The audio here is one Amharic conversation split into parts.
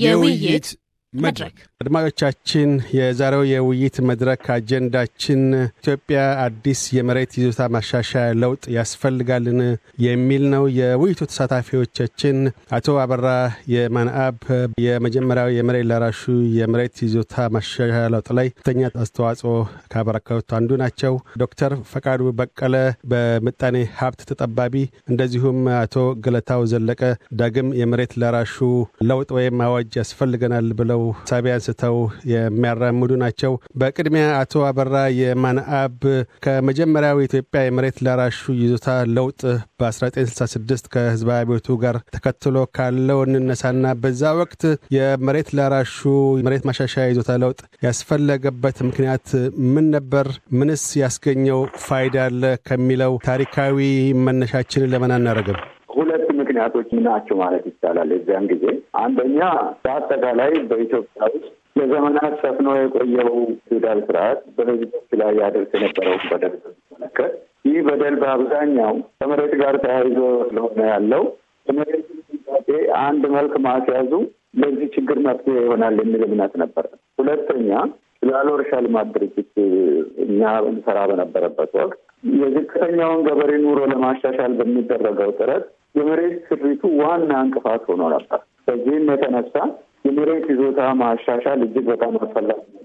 Yeah, we, we eat. መድረክ አድማጮቻችን፣ የዛሬው የውይይት መድረክ አጀንዳችን ኢትዮጵያ አዲስ የመሬት ይዞታ ማሻሻያ ለውጥ ያስፈልጋልን የሚል ነው። የውይይቱ ተሳታፊዎቻችን አቶ አበራ የማንአብ የመጀመሪያው የመሬት ለራሹ የመሬት ይዞታ ማሻሻያ ለውጥ ላይ ከፍተኛ አስተዋጽኦ ካበረከቱት አንዱ ናቸው። ዶክተር ፈቃዱ በቀለ በምጣኔ ሀብት ተጠባቢ፣ እንደዚሁም አቶ ገለታው ዘለቀ ዳግም የመሬት ለራሹ ለውጥ ወይም አዋጅ ያስፈልገናል ብለው አድርገው ሳቢያ አንስተው የሚያራምዱ ናቸው። በቅድሚያ አቶ አበራ የማንአብ ከመጀመሪያው የኢትዮጵያ የመሬት ላራሹ ይዞታ ለውጥ በ1966 ከህዝባዊ አብዮቱ ጋር ተከትሎ ካለው እንነሳና በዛ ወቅት የመሬት ላራሹ መሬት ማሻሻያ ይዞታ ለውጥ ያስፈለገበት ምክንያት ምን ነበር? ምንስ ያስገኘው ፋይዳ አለ ከሚለው ታሪካዊ መነሻችንን ለምን አናረግም? ሁለት ምክንያቶች ናቸው ማለት ይቻላል። የዚያን ጊዜ አንደኛ በአጠቃላይ በኢትዮጵያ ውስጥ ለዘመናት ሰፍኖ የቆየው ፊውዳል ስርዓት በህዝቦች ላይ ያደርስ የነበረው በደል በሚመለከት ይህ በደል በአብዛኛው ከመሬት ጋር ተያይዞ ስለሆነ ያለው ከመሬት አንድ መልክ ማስያዙ ለዚህ ችግር መፍትሄ ይሆናል የሚል እምነት ነበር። ሁለተኛ ላሎ እርሻ ልማት ድርጅት እኛ ስራ በነበረበት ወቅት የዝቅተኛውን ገበሬ ኑሮ ለማሻሻል በሚደረገው ጥረት የመሬት ስሪቱ ዋና እንቅፋት ሆኖ ነበር። በዚህም የተነሳ የመሬት ይዞታ ማሻሻል እጅግ በጣም አስፈላጊ ነው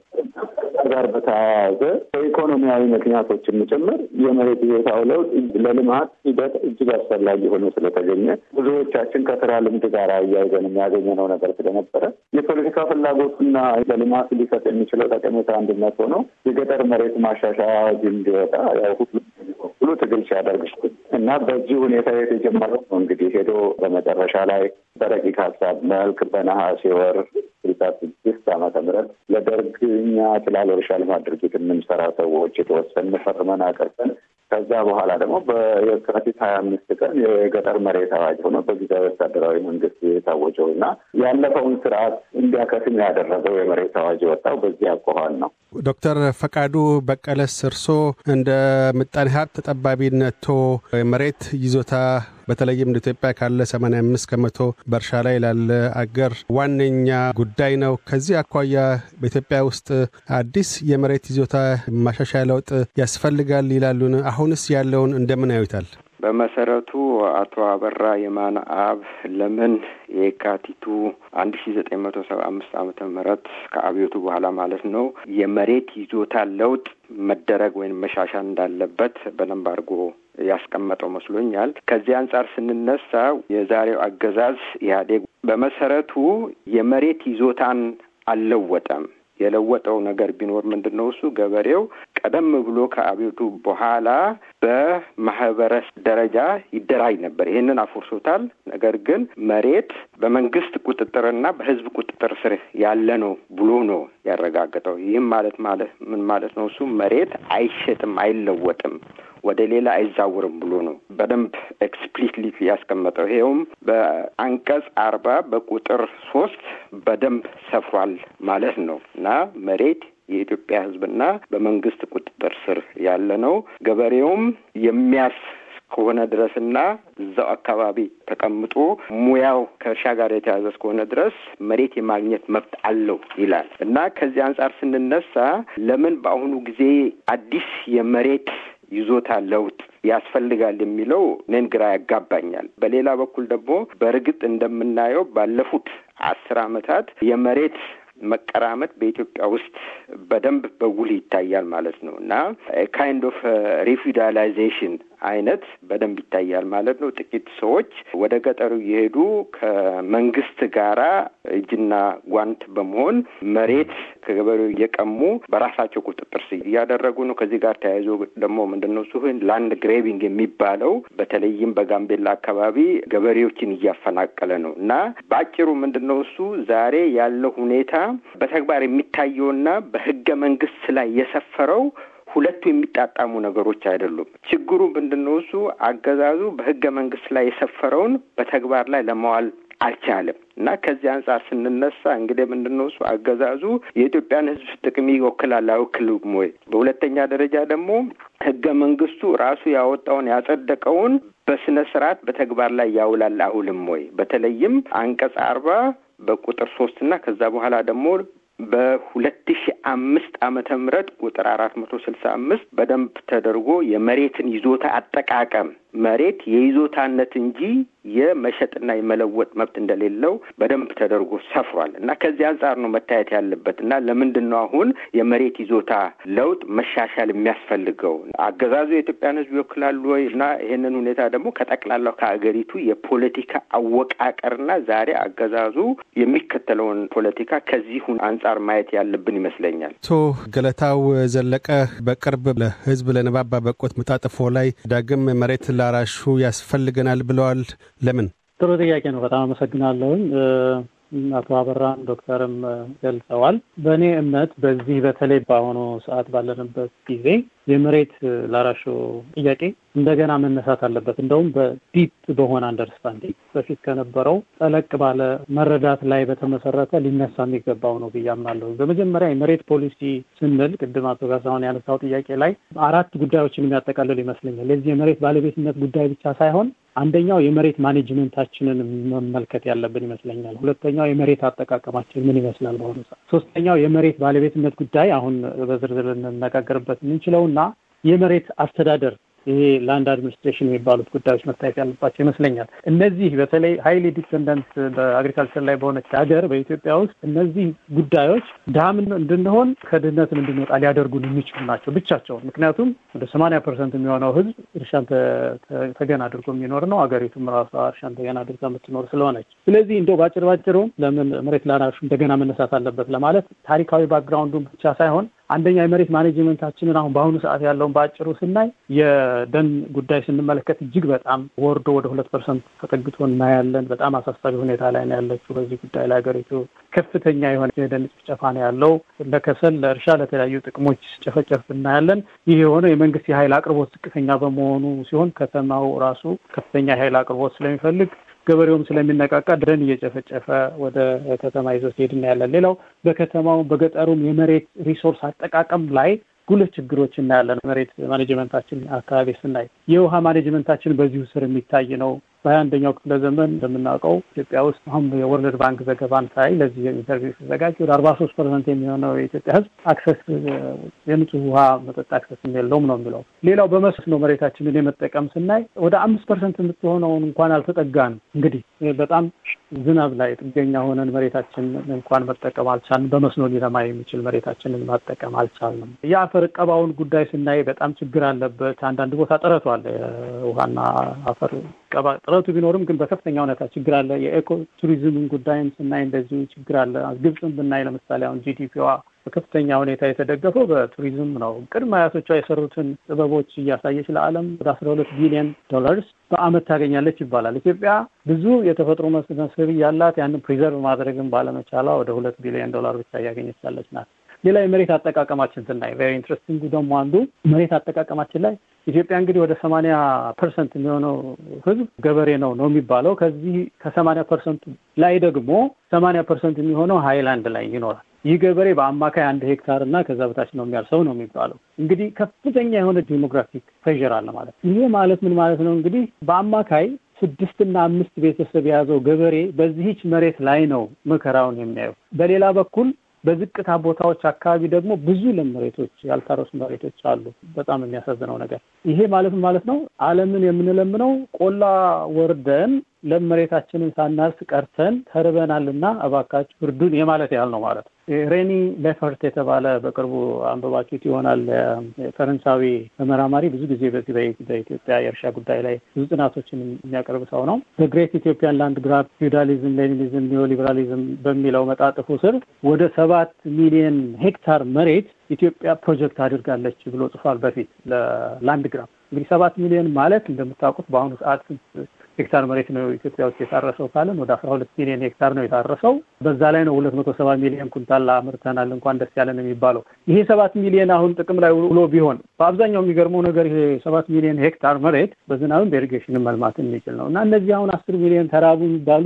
ጋር በተያያዘ በኢኮኖሚያዊ ምክንያቶች የምጨምር የመሬት ይዞታው ለውጥ ለልማት ሂደት እጅግ አስፈላጊ ሆኖ ስለተገኘ ብዙዎቻችን ከስራ ልምድ ጋር አያይዘን የሚያገኘነው ነገር ስለነበረ የፖለቲካ ፍላጎቱና ለልማት ሊሰጥ የሚችለው ጠቀሜታ አንድነት ሆኖ የገጠር መሬት ማሻሻያ አዋጅ እንዲወጣ ያው ሁሉ ትግል ሲያደርግ እና በዚህ ሁኔታ የተጀመረው ነው እንግዲህ ሄዶ በመጨረሻ ላይ በረቂቅ ሀሳብ መልክ በነሐሴ ወር በሁለት ስድስት ዓመተ ምህረት ለደርግ እኛ ትላል እርሻ ልማት ድርጅት የምንሰራ ሰዎች የተወሰን ፈርመን አቅርበን ከዛ በኋላ ደግሞ በየካቲት ሀያ አምስት ቀን የገጠር መሬት አዋጅ ሆኖ በጊዜያዊ ወታደራዊ መንግስት የታወጀው እና ያለፈውን ስርዓት እንዲያከትም ያደረገው የመሬት አዋጅ የወጣው በዚህ አኳኋን ነው። ዶክተር ፈቃዱ በቀለስ እርሶ እንደ ምጣኔ ሀብት ተጠባቢነቶ የመሬት ይዞታ በተለይም እንደ ኢትዮጵያ ካለ 85 ከመቶ በእርሻ ላይ ላለ አገር ዋነኛ ጉዳይ ነው። ከዚህ አኳያ በኢትዮጵያ ውስጥ አዲስ የመሬት ይዞታ ማሻሻያ ለውጥ ያስፈልጋል ይላሉን? አሁንስ ያለውን እንደምን ያዩታል? በመሰረቱ አቶ አበራ የማነ አብ ለምን የካቲቱ አንድ ሺ ዘጠኝ መቶ ሰባ አምስት አመተ ምህረት ከአብዮቱ በኋላ ማለት ነው የመሬት ይዞታ ለውጥ መደረግ ወይም መሻሻል እንዳለበት በደንብ አድርጎ ያስቀመጠው መስሎኛል። ከዚህ አንጻር ስንነሳ የዛሬው አገዛዝ ኢህአዴግ በመሰረቱ የመሬት ይዞታን አልለወጠም። የለወጠው ነገር ቢኖር ምንድን ነው? እሱ ገበሬው ቀደም ብሎ ከአቤቱ በኋላ በማህበረስ ደረጃ ይደራጅ ነበር። ይህንን አፎርሶታል። ነገር ግን መሬት በመንግስት ቁጥጥርና በህዝብ ቁጥጥር ስር ያለ ነው ብሎ ነው ያረጋገጠው። ይህም ማለት ማለት ምን ማለት ነው? እሱ መሬት አይሸጥም፣ አይለወጥም፣ ወደ ሌላ አይዛውርም ብሎ ነው በደንብ ኤክስፕሊትሊ ያስቀመጠው። ይኸውም በአንቀጽ አርባ በቁጥር ሶስት በደንብ ሰፍሯል ማለት ነው እና መሬት የኢትዮጵያ ሕዝብና በመንግስት ቁጥጥር ስር ያለ ነው። ገበሬውም የሚያስ እስከሆነ ድረስና እዛው አካባቢ ተቀምጦ ሙያው ከእርሻ ጋር የተያዘ እስከሆነ ድረስ መሬት የማግኘት መብት አለው ይላል እና ከዚህ አንጻር ስንነሳ ለምን በአሁኑ ጊዜ አዲስ የመሬት ይዞታ ለውጥ ያስፈልጋል የሚለው እኔን ግራ ያጋባኛል። በሌላ በኩል ደግሞ በእርግጥ እንደምናየው ባለፉት አስር ዓመታት የመሬት መቀራመጥ በኢትዮጵያ ውስጥ በደንብ በጉል ይታያል ማለት ነው እና ካይንድ ኦፍ ሪፊዳላይዜሽን አይነት በደንብ ይታያል ማለት ነው። ጥቂት ሰዎች ወደ ገጠሩ እየሄዱ ከመንግስት ጋራ እጅና ጓንት በመሆን መሬት ከገበሬው እየቀሙ በራሳቸው ቁጥጥር እያደረጉ ነው። ከዚህ ጋር ተያይዞ ደግሞ ምንድነው ሱህን ላንድ ግሬቪንግ የሚባለው በተለይም በጋምቤላ አካባቢ ገበሬዎችን እያፈናቀለ ነው እና በአጭሩ ምንድነው እሱ ዛሬ ያለው ሁኔታ በተግባር የሚታየውና በህገ መንግስት ላይ የሰፈረው ሁለቱ የሚጣጣሙ ነገሮች አይደሉም። ችግሩ ብንድንወሱ አገዛዙ በህገ መንግስት ላይ የሰፈረውን በተግባር ላይ ለማዋል አልቻለም እና ከዚህ አንጻር ስንነሳ እንግዲህ የምንነሱ አገዛዙ የኢትዮጵያን ህዝብ ጥቅም ይወክላል አይወክልም ወይ? በሁለተኛ ደረጃ ደግሞ ህገ መንግስቱ ራሱ ያወጣውን ያጸደቀውን በስነ ስርዓት በተግባር ላይ ያውላል አሁልም ወይ? በተለይም አንቀጽ አርባ በቁጥር ሶስት እና ከዛ በኋላ ደግሞ በሁለት ሺ አምስት ዓመተ ምህረት ቁጥር አራት መቶ ስልሳ አምስት በደንብ ተደርጎ የመሬትን ይዞታ አጠቃቀም መሬት የይዞታነት እንጂ የመሸጥና የመለወጥ መብት እንደሌለው በደንብ ተደርጎ ሰፍሯል እና ከዚህ አንጻር ነው መታየት ያለበት እና ለምንድን ነው አሁን የመሬት ይዞታ ለውጥ መሻሻል የሚያስፈልገው? አገዛዙ የኢትዮጵያን ሕዝብ ይወክላሉ ወይ? እና ይህንን ሁኔታ ደግሞ ከጠቅላላው ከሀገሪቱ የፖለቲካ አወቃቀርና ዛሬ አገዛዙ የሚከተለውን ፖለቲካ ከዚሁ አንጻር ማየት ያለብን ይመስለኛል። አቶ ገለታው ዘለቀ በቅርብ ለሕዝብ ለንባብ ባበቁት መጣጥፎ ላይ ዳግም መሬት ላ አዳራሹ ያስፈልገናል ብለዋል። ለምን? ጥሩ ጥያቄ ነው። በጣም አመሰግናለሁኝ። አቶ አበራን ዶክተርም ገልጸዋል። በእኔ እምነት በዚህ በተለይ በአሁኑ ሰዓት ባለንበት ጊዜ የመሬት ላራሾ ጥያቄ እንደገና መነሳት አለበት። እንደውም በዲፕ በሆነ አንደርስታንዲንግ በፊት ከነበረው ጠለቅ ባለ መረዳት ላይ በተመሰረተ ሊነሳ የሚገባው ነው ብዬ አምናለሁ። በመጀመሪያ የመሬት ፖሊሲ ስንል ቅድም አቶ ጋሳሁን ያነሳው ጥያቄ ላይ አራት ጉዳዮችን የሚያጠቃልል ይመስለኛል። የዚህ የመሬት ባለቤትነት ጉዳይ ብቻ ሳይሆን አንደኛው የመሬት ማኔጅመንታችንን መመልከት ያለብን ይመስለኛል። ሁለተኛው የመሬት አጠቃቀማችን ምን ይመስላል በአሁኑ ሰዓት። ሶስተኛው የመሬት ባለቤትነት ጉዳይ አሁን በዝርዝር ልንነጋገርበት የምንችለውን እና የመሬት አስተዳደር ይሄ ላንድ አድሚኒስትሬሽን የሚባሉት ጉዳዮች መታየት ያለባቸው ይመስለኛል። እነዚህ በተለይ ሀይሊ ዲፔንደንት በአግሪካልቸር ላይ በሆነች ሀገር በኢትዮጵያ ውስጥ እነዚህ ጉዳዮች ድሃም እንድንሆን ከድህነትም እንድንወጣ ሊያደርጉን የሚችሉ ናቸው ብቻቸውን። ምክንያቱም ወደ ሰማንያ ፐርሰንት የሚሆነው ህዝብ እርሻን ተገን አድርጎ የሚኖር ነው። አገሪቱም ራሷ እርሻን ተገን አድርጋ የምትኖር ስለሆነች፣ ስለዚህ እንደው ባጭር ባጭሩ ለምን መሬት ላናሹ እንደገና መነሳት አለበት ለማለት ታሪካዊ ባክግራውንዱን ብቻ ሳይሆን አንደኛ የመሬት ማኔጅመንታችንን አሁን በአሁኑ ሰዓት ያለውን በአጭሩ ስናይ የደን ጉዳይ ስንመለከት እጅግ በጣም ወርዶ ወደ ሁለት ፐርሰንት ተጠግቶ እናያለን። በጣም አሳሳቢ ሁኔታ ላይ ነው ያለችው። በዚህ ጉዳይ ላይ ሀገሪቱ ከፍተኛ የሆነ የደን ጭፍጨፋ ነው ያለው። ለከሰል፣ ለእርሻ፣ ለተለያዩ ጥቅሞች ጨፈጨፍ እናያለን። ይህ የሆነው የመንግስት የኃይል አቅርቦት ዝቅተኛ በመሆኑ ሲሆን ከተማው ራሱ ከፍተኛ የኃይል አቅርቦት ስለሚፈልግ ገበሬውም ስለሚነቃቃ ድረን እየጨፈጨፈ ወደ ከተማ ይዞ ሲሄድ እናያለን። ሌላው በከተማው በገጠሩም የመሬት ሪሶርስ አጠቃቀም ላይ ጉልህ ችግሮች እናያለን። መሬት ማኔጅመንታችን አካባቢ ስናይ የውሃ ማኔጅመንታችን በዚሁ ስር የሚታይ ነው። በሀያ አንደኛው ክፍለ ዘመን እንደምናውቀው ኢትዮጵያ ውስጥ አሁን የወርልድ ባንክ ዘገባን ሳይ ለዚህ ኢንተርቪው ሲዘጋጅ ወደ አርባ ሶስት ፐርሰንት የሚሆነው የኢትዮጵያ ሕዝብ አክሰስ የንጹህ ውሃ መጠጥ አክሰስ የለውም ነው የሚለው። ሌላው በመስኖ መሬታችንን የመጠቀም ስናይ ወደ አምስት ፐርሰንት የምትሆነውን እንኳን አልተጠጋንም። እንግዲህ በጣም ዝናብ ላይ ጥገኛ ሆነን መሬታችን እንኳን መጠቀም አልቻልንም። በመስኖ ሊለማ የሚችል መሬታችንን ማጠቀም አልቻልንም። የአፈር እቀባውን ጉዳይ ስናይ በጣም ችግር አለበት። አንዳንድ ቦታ ጥረቱ አለ። ውሃና አፈር እቀባ ጥረቱ ቢኖርም ግን በከፍተኛ ሁኔታ ችግር አለ። የኤኮ ቱሪዝምን ጉዳይም ስናይ እንደዚሁ ችግር አለ። ግብፅን ብናይ ለምሳሌ አሁን ጂዲፒዋ በከፍተኛ ሁኔታ የተደገፈው በቱሪዝም ነው። ቅድመ አያቶቿ የሰሩትን ጥበቦች እያሳየች ለዓለም ወደ አስራ ሁለት ቢሊዮን ዶላርስ በአመት ታገኛለች ይባላል። ኢትዮጵያ ብዙ የተፈጥሮ መስህብ ያላት ያንን ፕሪዘርቭ ማድረግን ባለመቻሏ ወደ ሁለት ቢሊዮን ዶላር ብቻ እያገኘች ያለች ናት። ሌላ የመሬት አጠቃቀማችን ስናይ ቨሪ ኢንትረስቲንግ ደግሞ አንዱ መሬት አጠቃቀማችን ላይ ኢትዮጵያ እንግዲህ ወደ ሰማንያ ፐርሰንት የሚሆነው ህዝብ ገበሬ ነው ነው የሚባለው። ከዚህ ከሰማንያ ፐርሰንቱ ላይ ደግሞ ሰማንያ ፐርሰንት የሚሆነው ሀይላንድ ላይ ይኖራል። ይህ ገበሬ በአማካይ አንድ ሄክታር እና ከዛ በታች ነው የሚያርሰው ነው የሚባለው። እንግዲህ ከፍተኛ የሆነ ዲሞግራፊክ ፕሬዠር አለ ማለት ነው። ይሄ ማለት ምን ማለት ነው? እንግዲህ በአማካይ ስድስትና አምስት ቤተሰብ የያዘው ገበሬ በዚህች መሬት ላይ ነው መከራውን የሚያየው። በሌላ በኩል በዝቅታ ቦታዎች አካባቢ ደግሞ ብዙ ለም መሬቶች፣ ያልታረሱ መሬቶች አሉ። በጣም የሚያሳዝነው ነገር ይሄ ማለት ማለት ነው። ዓለምን የምንለምነው ቆላ ወርደን ለም መሬታችንን ሳናርስ ቀርተን ተርበናልና እባካችሁ እርዱን የማለት ያህል ነው ማለት ነው። ሬኒ ሌፈርት የተባለ በቅርቡ አንብባችሁት ይሆናል ፈረንሳዊ ተመራማሪ ብዙ ጊዜ በዚህ በኢትዮጵያ የእርሻ ጉዳይ ላይ ብዙ ጥናቶችን የሚያቀርብ ሰው ነው። በግሬት ኢትዮጵያን ላንድ ግራብ ፊውዳሊዝም፣ ሌኒኒዝም፣ ኒዮሊበራሊዝም በሚለው መጣጥፉ ስር ወደ ሰባት ሚሊዮን ሄክታር መሬት ኢትዮጵያ ፕሮጀክት አድርጋለች ብሎ ጽፏል። በፊት ለላንድ ግራብ እንግዲህ ሰባት ሚሊዮን ማለት እንደምታውቁት በአሁኑ ሰዓት ሄክታር መሬት ነው ኢትዮጵያ ውስጥ የታረሰው ካለን ወደ አስራ ሁለት ሚሊዮን ሄክታር ነው የታረሰው። በዛ ላይ ነው ሁለት መቶ ሰባ ሚሊዮን ኩንታል አምርተናል። እንኳን ደስ ያለን የሚባለው ይሄ ሰባት ሚሊዮን አሁን ጥቅም ላይ ውሎ ቢሆን በአብዛኛው የሚገርመው ነገር ይሄ ሰባት ሚሊዮን ሄክታር መሬት በዝናብም በኢሪጌሽን መልማት የሚችል ነው እና እነዚህ አሁን አስር ሚሊዮን ተራቡ የሚባሉ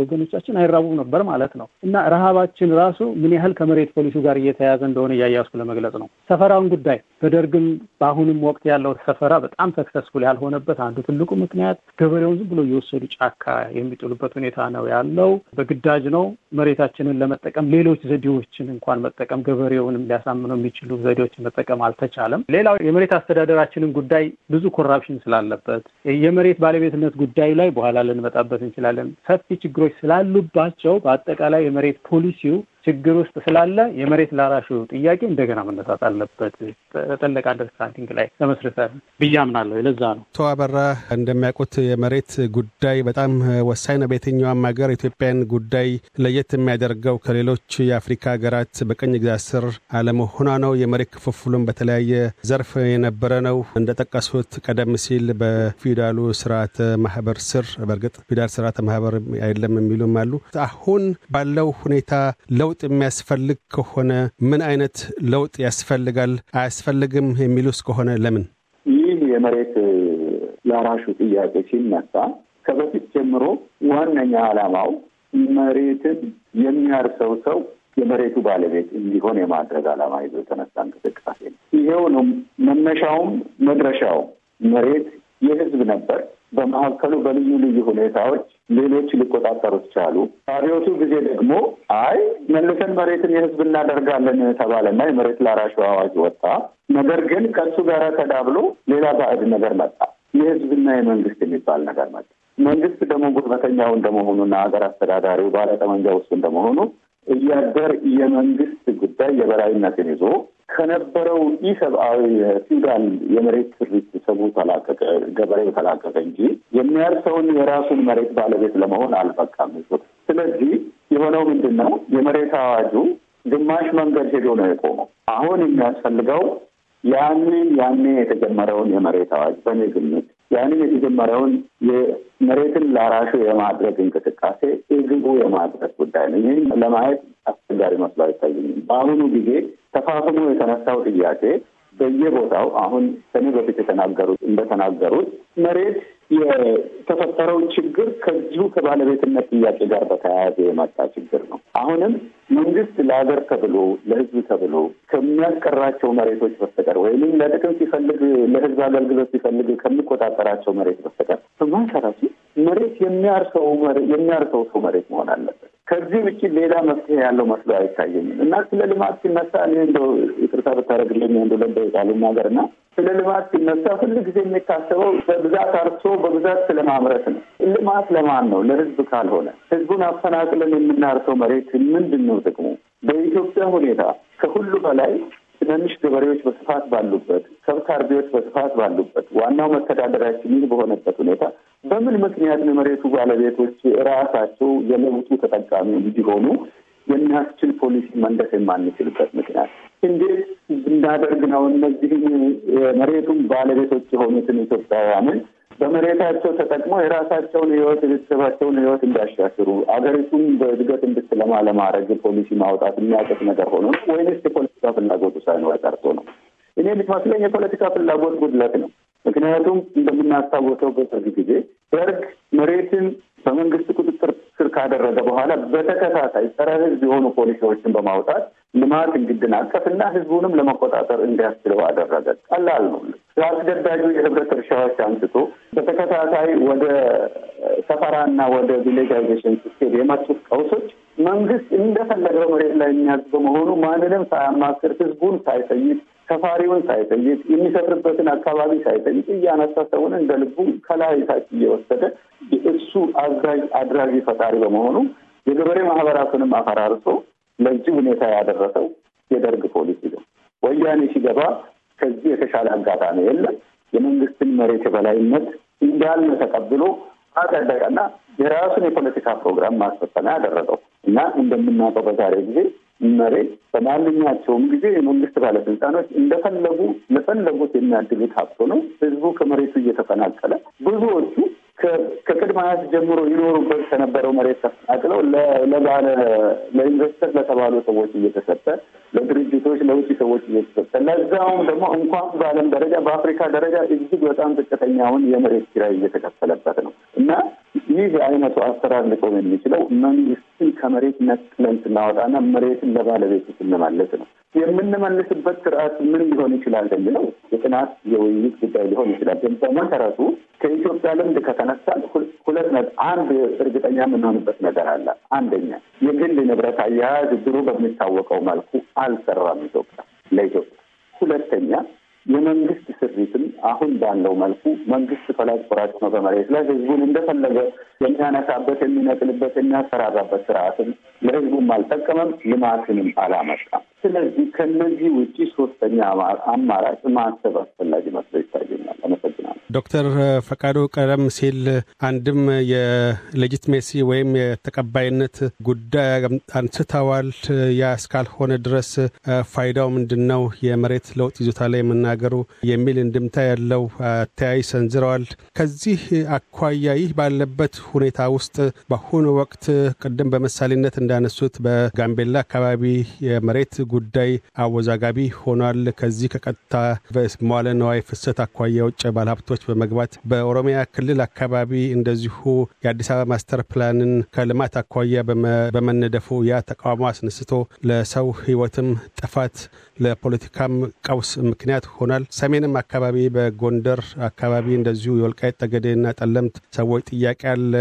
ወገኖቻችን አይራቡም ነበር ማለት ነው እና ረሃባችን ራሱ ምን ያህል ከመሬት ፖሊሱ ጋር እየተያያዘ እንደሆነ እያያዝኩ ለመግለጽ ነው። ሰፈራውን ጉዳይ በደርግም በአሁንም ወቅት ያለው ሰፈራ በጣም ሰክሰስፉል ያልሆነበት አንዱ ትልቁ ምክንያት ገበሬ ፍሬውን ዝም ብሎ እየወሰዱ ጫካ የሚጥሉበት ሁኔታ ነው ያለው። በግዳጅ ነው። መሬታችንን ለመጠቀም ሌሎች ዘዴዎችን እንኳን መጠቀም ገበሬውንም ሊያሳምነው የሚችሉ ዘዴዎችን መጠቀም አልተቻለም። ሌላው የመሬት አስተዳደራችንን ጉዳይ ብዙ ኮራፕሽን ስላለበት የመሬት ባለቤትነት ጉዳይ ላይ በኋላ ልንመጣበት እንችላለን። ሰፊ ችግሮች ስላሉባቸው በአጠቃላይ የመሬት ፖሊሲው ችግር ውስጥ ስላለ የመሬት ላራሹ ጥያቄ እንደገና መነሳት አለበት በጠለቀ አንደርስታንዲንግ ላይ ተመስርተ ብያምናለሁ። ለዛ ነው ቶ አበራ እንደሚያውቁት የመሬት ጉዳይ በጣም ወሳኝ ነው። በየትኛውም ሀገር ኢትዮጵያን ጉዳይ ለየት የሚያደርገው ከሌሎች የአፍሪካ ሀገራት በቀኝ ግዛት ስር አለመሆኗ ነው። የመሬት ክፍፍሉን በተለያየ ዘርፍ የነበረ ነው። እንደጠቀሱት ቀደም ሲል በፊውዳሉ ስርዓተ ማህበር ስር በእርግጥ ፊውዳል ስርዓተ ማህበር አይደለም የሚሉም አሉ። አሁን ባለው ሁኔታ ለውጥ ለውጥ የሚያስፈልግ ከሆነ ምን አይነት ለውጥ ያስፈልጋል? አያስፈልግም የሚሉስ ከሆነ ለምን? ይህ የመሬት ለራሹ ጥያቄ ሲነሳ ከበፊት ጀምሮ ዋነኛ ዓላማው መሬትን የሚያርሰው ሰው የመሬቱ ባለቤት እንዲሆን የማድረግ ዓላማ ይዞ የተነሳ እንቅስቃሴ ነው። ይሄው ነው መነሻውም መድረሻውም። መሬት የህዝብ ነበር። በመካከሉ በልዩ ልዩ ሁኔታዎች ሌሎች ሊቆጣጠሩት ቻሉ። አብዮቱ ጊዜ ደግሞ አይ መልሰን መሬትን የህዝብ እናደርጋለን ተባለና የመሬት ላራሹ አዋጅ ወጣ። ነገር ግን ከእሱ ጋር ተዳብሎ ሌላ ባዕድ ነገር መጣ። የህዝብና የመንግስት የሚባል ነገር መጣ። መንግስት ደግሞ ጉልበተኛው እንደመሆኑና ሀገር አስተዳዳሪው ባለጠመንጃ ውስጥ እንደመሆኑ እያደር የመንግስት ጉዳይ የበላይነትን ይዞ ከነበረው ኢሰብአዊ ፊውዳል የመሬት ስሪት ሰቡ ተላቀቀ፣ ገበሬው ተላቀቀ እንጂ የሚያርሰውን የራሱን መሬት ባለቤት ለመሆን አልበቃም ስለዚህ የሆነው ምንድን ነው? የመሬት አዋጁ ግማሽ መንገድ ሄዶ ነው የቆመው። አሁን የሚያስፈልገው ያንን ያኔ የተጀመረውን የመሬት አዋጅ በኔ ግምት ያንን የተጀመረውን መሬትን ላራሹ የማድረግ እንቅስቃሴ እግቡ የማድረግ ጉዳይ ነው። ይህም ለማየት አስቸጋሪ መስሎ አይታየኝም። በአሁኑ ጊዜ ተፋፍሞ የተነሳው ጥያቄ በየቦታው አሁን ከኔ በፊት የተናገሩት እንደተናገሩት መሬት የተፈጠረው ችግር ከዚሁ ከባለቤትነት ጥያቄ ጋር በተያያዘ የመጣ ችግር ነው። አሁንም መንግስት ለሀገር ተብሎ ለህዝብ ተብሎ ከሚያስቀራቸው መሬቶች በስተቀር ወይም ለጥቅም ሲፈልግ ለህዝብ አገልግሎት ሲፈልግ ከሚቆጣጠራቸው መሬት በስተቀር በማንሰራቱ መሬት የሚያርሰው የሚያርሰው ሰው መሬት መሆን አለን። ከዚህ ውጭ ሌላ መፍትሄ ያለው መስሎ አይታየኝም እና ስለ ልማት ሲነሳ እኔ እንደው ይቅርታ ብታደርግልኝ እንደ ለደ ቃልናገር እና ስለ ልማት ሲነሳ ጊዜ የሚታሰበው በብዛት አርሶ በብዛት ስለማምረት ነው። ልማት ለማን ነው? ለህዝብ ካልሆነ ህዝቡን አፈናቅለን የምናርሰው መሬት ምንድን ነው ጥቅሙ? በኢትዮጵያ ሁኔታ ከሁሉ በላይ ትናንሽ ገበሬዎች በስፋት ባሉበት፣ ከብት አርቢዎች በስፋት ባሉበት፣ ዋናው መተዳደሪያችን ይህ በሆነበት ሁኔታ በምን ምክንያት የመሬቱ ባለቤቶች ራሳቸው የለውጡ ተጠቃሚ እንዲሆኑ የሚያስችል ፖሊሲ መንደፍ የማንችልበት ምክንያት እንዴት እንዳደርግ ነው እነዚህም የመሬቱን ባለቤቶች የሆኑትን ኢትዮጵያውያንን በመሬታቸው ተጠቅሞ የራሳቸውን ህይወት የቤተሰባቸውን ህይወት እንዲያሻሽሩ አገሪቱን በእድገት እንድትለማ ለማድረግ ፖሊሲ ማውጣት የሚያቀት ነገር ሆኖ ነው ወይንስ የፖለቲካ ፍላጎቱ ሳይኖር ቀርቶ ነው? እኔ የሚመስለኝ የፖለቲካ ፍላጎት ጉድለት ነው። ምክንያቱም እንደምናስታውሰው በሰርግ ጊዜ ደርግ መሬትን በመንግስት ቁጥጥር ስር ካደረገ በኋላ በተከታታይ ጸረ ህዝብ የሆኑ ፖሊሲዎችን በማውጣት ልማት እንዲደናቀፍና እና ለመቆጣጠር እንዲያስችለው አደረገ። ቀላል ነው። አስገዳጁ የህብረት እርሻዎች አንስቶ በተከታታይ ወደ ሰፈራና ወደ ቪሌጃይዜሽን ሲስቴድ የመጡት ቀውሶች መንግስት እንደፈለገው መሬት ላይ የሚያዝ በመሆኑ ማንንም ሳያማክር ህዝቡን ሳይጠይቅ ሰፋሪውን ሳይጠይቅ የሚሰፍርበትን አካባቢ ሳይጠይቅ እያነሳ ሰውን እንደ ልቡ ከላይ ታች እየወሰደ የእሱ አዛዥ አድራጊ ፈጣሪ በመሆኑ የገበሬ ማህበራቱንም አፈራርሶ ለዚህ ሁኔታ ያደረሰው የደርግ ፖሊሲ ነው። ወያኔ ሲገባ ከዚህ የተሻለ አጋጣሚ የለም። የመንግስትን መሬት የበላይነት እንዳለ ተቀብሎ አጸደቀና የራሱን የፖለቲካ ፕሮግራም ማስፈጸሚያ ያደረገው እና እንደምናውቀው በዛሬ ጊዜ መሬ በማንኛቸውም ጊዜ የመንግስት ባለስልጣኖች እንደፈለጉ ለፈለጉት የሚያድሉት ሀብቶ ነው። ህዝቡ ከመሬቱ እየተፈናቀለ ብዙዎቹ ከቅድመ አያት ጀምሮ ይኖሩበት ከነበረው መሬት ተፈናቅለው ለባለ ለኢንቨስተር ለተባሉ ሰዎች እየተሰጠ፣ ለድርጅቶች፣ ለውጭ ሰዎች እየተሰጠ ለዛውም ደግሞ እንኳን በዓለም ደረጃ በአፍሪካ ደረጃ እጅግ በጣም ዝቅተኛውን የመሬት ኪራይ እየተከፈለበት ነው እና ይህ አይነቱ አሰራር ሊቆም የሚችለው መንግስትን ከመሬት ነጥለን ስናወጣና መሬትን ለባለቤቱ ስንመልስ ነው። የምንመልስበት ስርዓት ምን ሊሆን ይችላል የሚለው የጥናት የውይይት ጉዳይ ሊሆን ይችላል። በመሰረቱ ከኢትዮጵያ ልምድ ከተነሳን ሁለት ነ አንድ እርግጠኛ የምንሆንበት ነገር አለ። አንደኛ የግል ንብረት አያያዝ ድሮ በሚታወቀው መልኩ አልሰራም ኢትዮጵያ ለኢትዮጵያ ሁለተኛ የመንግስት ስሪትም አሁን ባለው መልኩ መንግስት ከላይ ቆራጭ ነው በመሬት ላይ ህዝቡን እንደፈለገ የሚያነሳበት፣ የሚነቅልበት፣ የሚያሰራራበት ስርዓትም ለህዝቡም አልጠቀመም፣ ልማትንም አላመጣም። ስለዚህ ከነዚህ ውጭ ሶስተኛ አማራጭ ማሰብ አስፈላጊ መስሎ ይታል። ዶክተር ፈቃዱ ቀደም ሲል አንድም የሌጂትሜሲ ወይም የተቀባይነት ጉዳይ አንስተዋል። ያ እስካልሆነ ድረስ ፋይዳው ምንድን ነው? የመሬት ለውጥ ይዞታ ላይ መናገሩ የሚል እንድምታ ያለው አተያይ ሰንዝረዋል። ከዚህ አኳያ ይህ ባለበት ሁኔታ ውስጥ በአሁኑ ወቅት ቅድም በምሳሌነት እንዳነሱት በጋምቤላ አካባቢ የመሬት ጉዳይ አወዛጋቢ ሆኗል። ከዚህ ከቀጥታ መዋለ ነዋይ ፍሰት አኳያ ውጭ ባለሀብቶች ክልሎች በመግባት በኦሮሚያ ክልል አካባቢ እንደዚሁ የአዲስ አበባ ማስተር ፕላንን ከልማት አኳያ በመነደፉ ያ ተቃውሞ አስነስቶ ለሰው ህይወትም ጥፋት ለፖለቲካም ቀውስ ምክንያት ሆኗል። ሰሜንም አካባቢ በጎንደር አካባቢ እንደዚሁ የወልቃይት ጠገዴና ጠለምት ሰዎች ጥያቄ አለ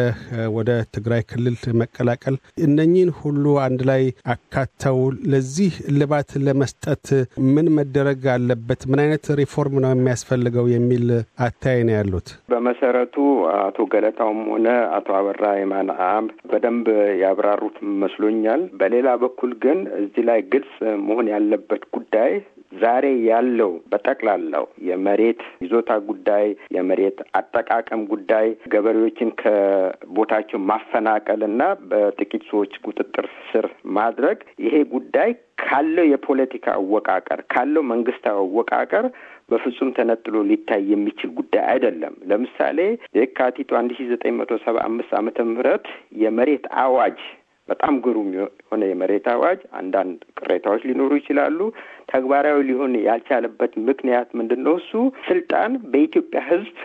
ወደ ትግራይ ክልል መቀላቀል። እነኚህን ሁሉ አንድ ላይ አካተው ለዚህ እልባት ለመስጠት ምን መደረግ አለበት? ምን አይነት ሪፎርም ነው የሚያስፈልገው የሚል አታይ ነው ያሉት። በመሰረቱ አቶ ገለታውም ሆነ አቶ አበራ የማንአም በደንብ ያብራሩት መስሎኛል። በሌላ በኩል ግን እዚህ ላይ ግልጽ መሆን ያለበት ጉዳይ ጉዳይ ዛሬ ያለው በጠቅላላው የመሬት ይዞታ ጉዳይ፣ የመሬት አጠቃቀም ጉዳይ፣ ገበሬዎችን ከቦታቸው ማፈናቀል እና በጥቂት ሰዎች ቁጥጥር ስር ማድረግ ይሄ ጉዳይ ካለው የፖለቲካ አወቃቀር ካለው መንግስታዊ አወቃቀር በፍጹም ተነጥሎ ሊታይ የሚችል ጉዳይ አይደለም። ለምሳሌ የካቲቱ አንድ ሺ ዘጠኝ መቶ ሰባ አምስት ዓመተ ምህረት የመሬት አዋጅ በጣም ግሩም የሆነ የመሬት አዋጅ፣ አንዳንድ ቅሬታዎች ሊኖሩ ይችላሉ። ተግባራዊ ሊሆን ያልቻለበት ምክንያት ምንድን ነው? እሱ ስልጣን በኢትዮጵያ ህዝብ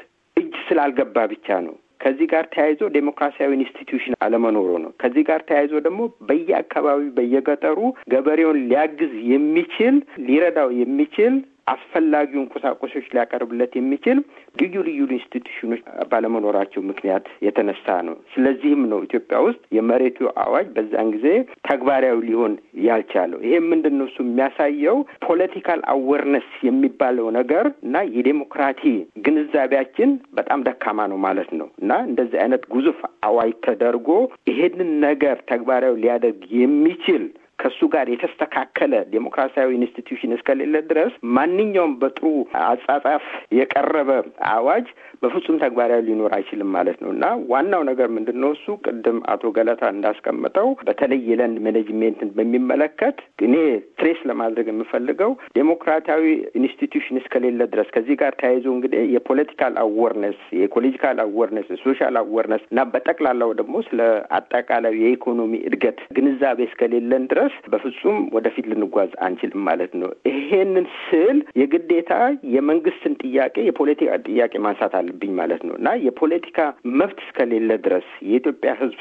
እጅ ስላልገባ ብቻ ነው። ከዚህ ጋር ተያይዞ ዴሞክራሲያዊ ኢንስቲትዩሽን አለመኖሩ ነው። ከዚህ ጋር ተያይዞ ደግሞ በየአካባቢው በየገጠሩ ገበሬውን ሊያግዝ የሚችል ሊረዳው የሚችል አስፈላጊውን ቁሳቁሶች ሊያቀርብለት የሚችል ልዩ ልዩ ኢንስቲቱሽኖች ባለመኖራቸው ምክንያት የተነሳ ነው። ስለዚህም ነው ኢትዮጵያ ውስጥ የመሬቱ አዋጅ በዛን ጊዜ ተግባራዊ ሊሆን ያልቻለው። ይሄ ምንድን ነው? እሱ የሚያሳየው ፖለቲካል አወርነስ የሚባለው ነገር እና የዴሞክራቲ ግንዛቤያችን በጣም ደካማ ነው ማለት ነው እና እንደዚህ አይነት ግዙፍ አዋጅ ተደርጎ ይሄንን ነገር ተግባራዊ ሊያደርግ የሚችል ከሱ ጋር የተስተካከለ ዴሞክራሲያዊ ኢንስቲትዩሽን እስከሌለ ድረስ ማንኛውም በጥሩ አጻጻፍ የቀረበ አዋጅ በፍጹም ተግባራዊ ሊኖር አይችልም ማለት ነው እና ዋናው ነገር ምንድን ነው? እሱ ቅድም አቶ ገለታ እንዳስቀምጠው በተለይ የለንድ ማኔጅሜንትን በሚመለከት እኔ ትሬስ ለማድረግ የምፈልገው ዴሞክራሲያዊ ኢንስቲትዩሽን እስከሌለ ድረስ ከዚህ ጋር ተያይዞ እንግዲህ የፖለቲካል አወርነስ፣ የኢኮሎጂካል አወርነስ፣ የሶሻል አወርነስ እና በጠቅላላው ደግሞ ስለ አጠቃላዊ የኢኮኖሚ እድገት ግንዛቤ እስከሌለን ድረስ ድረስ በፍጹም ወደፊት ልንጓዝ አንችልም ማለት ነው። ይሄንን ስል የግዴታ የመንግስትን ጥያቄ የፖለቲካ ጥያቄ ማንሳት አለብኝ ማለት ነው እና የፖለቲካ መብት እስከሌለ ድረስ የኢትዮጵያ ህዝብ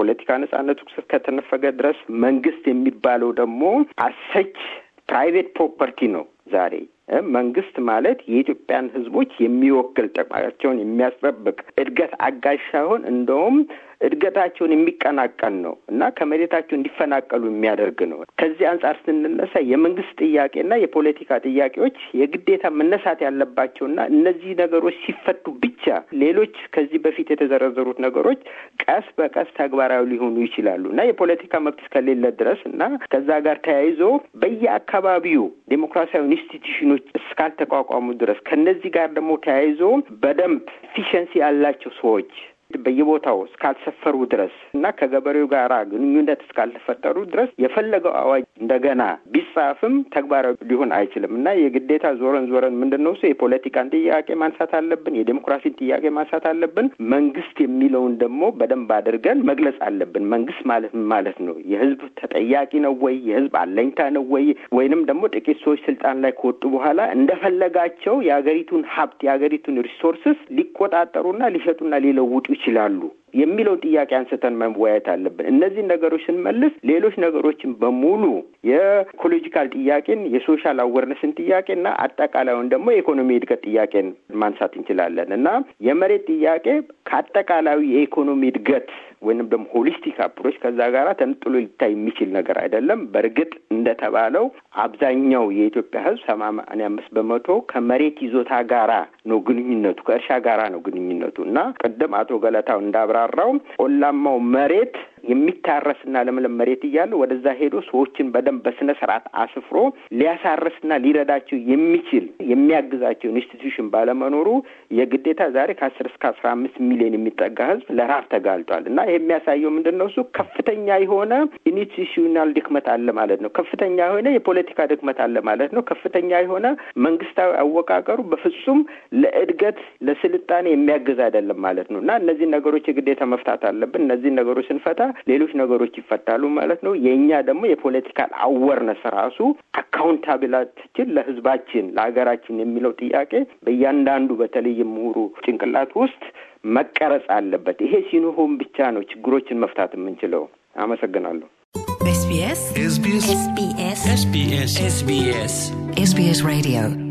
ፖለቲካ ነጻነቱ እስከተነፈገ ድረስ መንግስት የሚባለው ደግሞ አሰች ፕራይቬት ፕሮፐርቲ ነው ዛሬ መንግስት ማለት የኢትዮጵያን ህዝቦች የሚወክል ጥቅማቸውን የሚያስጠብቅ እድገት አጋዥ ሳይሆን እንደውም እድገታቸውን የሚቀናቀን ነው እና ከመሬታቸው እንዲፈናቀሉ የሚያደርግ ነው። ከዚህ አንጻር ስንነሳ የመንግስት ጥያቄና የፖለቲካ ጥያቄዎች የግዴታ መነሳት ያለባቸውና እነዚህ ነገሮች ሲፈቱ ብቻ ሌሎች ከዚህ በፊት የተዘረዘሩት ነገሮች ቀስ በቀስ ተግባራዊ ሊሆኑ ይችላሉ እና የፖለቲካ መብት እስከሌለ ድረስ እና ከዛ ጋር ተያይዞ በየአካባቢው ዴሞክራሲያዊ ኢንስቲትዩሽኖች እስካልተቋቋሙ ድረስ ከነዚህ ጋር ደግሞ ተያይዞ በደንብ ኢፊሽንሲ ያላቸው ሰዎች በየቦታው እስካልሰፈሩ ድረስ እና ከገበሬው ጋር ግንኙነት እስካልተፈጠሩ ድረስ የፈለገው አዋጅ እንደገና ቢጻፍም ተግባራዊ ሊሆን አይችልም እና የግዴታ ዞረን ዞረን ምንድን ነው እሱ የፖለቲካን ጥያቄ ማንሳት አለብን። የዴሞክራሲን ጥያቄ ማንሳት አለብን። መንግስት የሚለውን ደግሞ በደንብ አድርገን መግለጽ አለብን። መንግስት ማለት ማለት ነው የህዝብ ተጠያቂ ነው ወይ የህዝብ አለኝታ ነው ወይ ወይንም ደግሞ ጥቂት ሰዎች ስልጣን ላይ ከወጡ በኋላ እንደፈለጋቸው የሀገሪቱን ሀብት የሀገሪቱን ሪሶርስስ ሊቆጣጠሩና ሊሸጡና ሊለውጡ ይችላሉ። የሚለው ጥያቄ አንስተን መወያየት አለብን። እነዚህን ነገሮች ስንመልስ ሌሎች ነገሮችን በሙሉ የኢኮሎጂካል ጥያቄን፣ የሶሻል አወርነስን ጥያቄና አጠቃላዩን ደግሞ የኢኮኖሚ እድገት ጥያቄን ማንሳት እንችላለን እና የመሬት ጥያቄ ከአጠቃላዊ የኢኮኖሚ እድገት ወይንም ደግሞ ሆሊስቲክ አፕሮች ከዛ ጋር ተንጥሎ ሊታይ የሚችል ነገር አይደለም። በእርግጥ እንደተባለው አብዛኛው የኢትዮጵያ ሕዝብ ሰማንያ አምስት በመቶ ከመሬት ይዞታ ጋራ ነው ግንኙነቱ፣ ከእርሻ ጋራ ነው ግንኙነቱ እና ቅድም አቶ ገለታው እንዳብራ የተራራው ቆላማው መሬት የሚታረስና ለምለም መሬት እያለ ወደዛ ሄዶ ሰዎችን በደንብ በስነ ስርዓት አስፍሮ ሊያሳርስና ሊረዳቸው የሚችል የሚያግዛቸው ኢንስቲትዩሽን ባለመኖሩ የግዴታ ዛሬ ከአስር እስከ አስራ አምስት ሚሊዮን የሚጠጋ ህዝብ ለራብ ተጋልጧል እና ይሄ የሚያሳየው ምንድን ነው? እሱ ከፍተኛ የሆነ ኢንስቲትዩሽናል ድክመት አለ ማለት ነው። ከፍተኛ የሆነ የፖለቲካ ድክመት አለ ማለት ነው። ከፍተኛ የሆነ መንግስታዊ አወቃቀሩ በፍጹም ለእድገት ለስልጣኔ የሚያግዝ አይደለም ማለት ነው እና እነዚህን ነገሮች የግዴታ መፍታት አለብን። እነዚህን ነገሮች ስንፈታ ሌሎች ነገሮች ይፈታሉ ማለት ነው። የእኛ ደግሞ የፖለቲካል አወርነስ ራሱ አካውንታብላችን ለህዝባችን፣ ለሀገራችን የሚለው ጥያቄ በእያንዳንዱ በተለይ ምሁሩ ጭንቅላት ውስጥ መቀረጽ አለበት። ይሄ ሲንሆን ብቻ ነው ችግሮችን መፍታት የምንችለው። አመሰግናለሁ። ኤስቢኤስ ኤስቢኤስ ኤስቢኤስ ኤስቢኤስ ኤስቢኤስ ሬዲዮ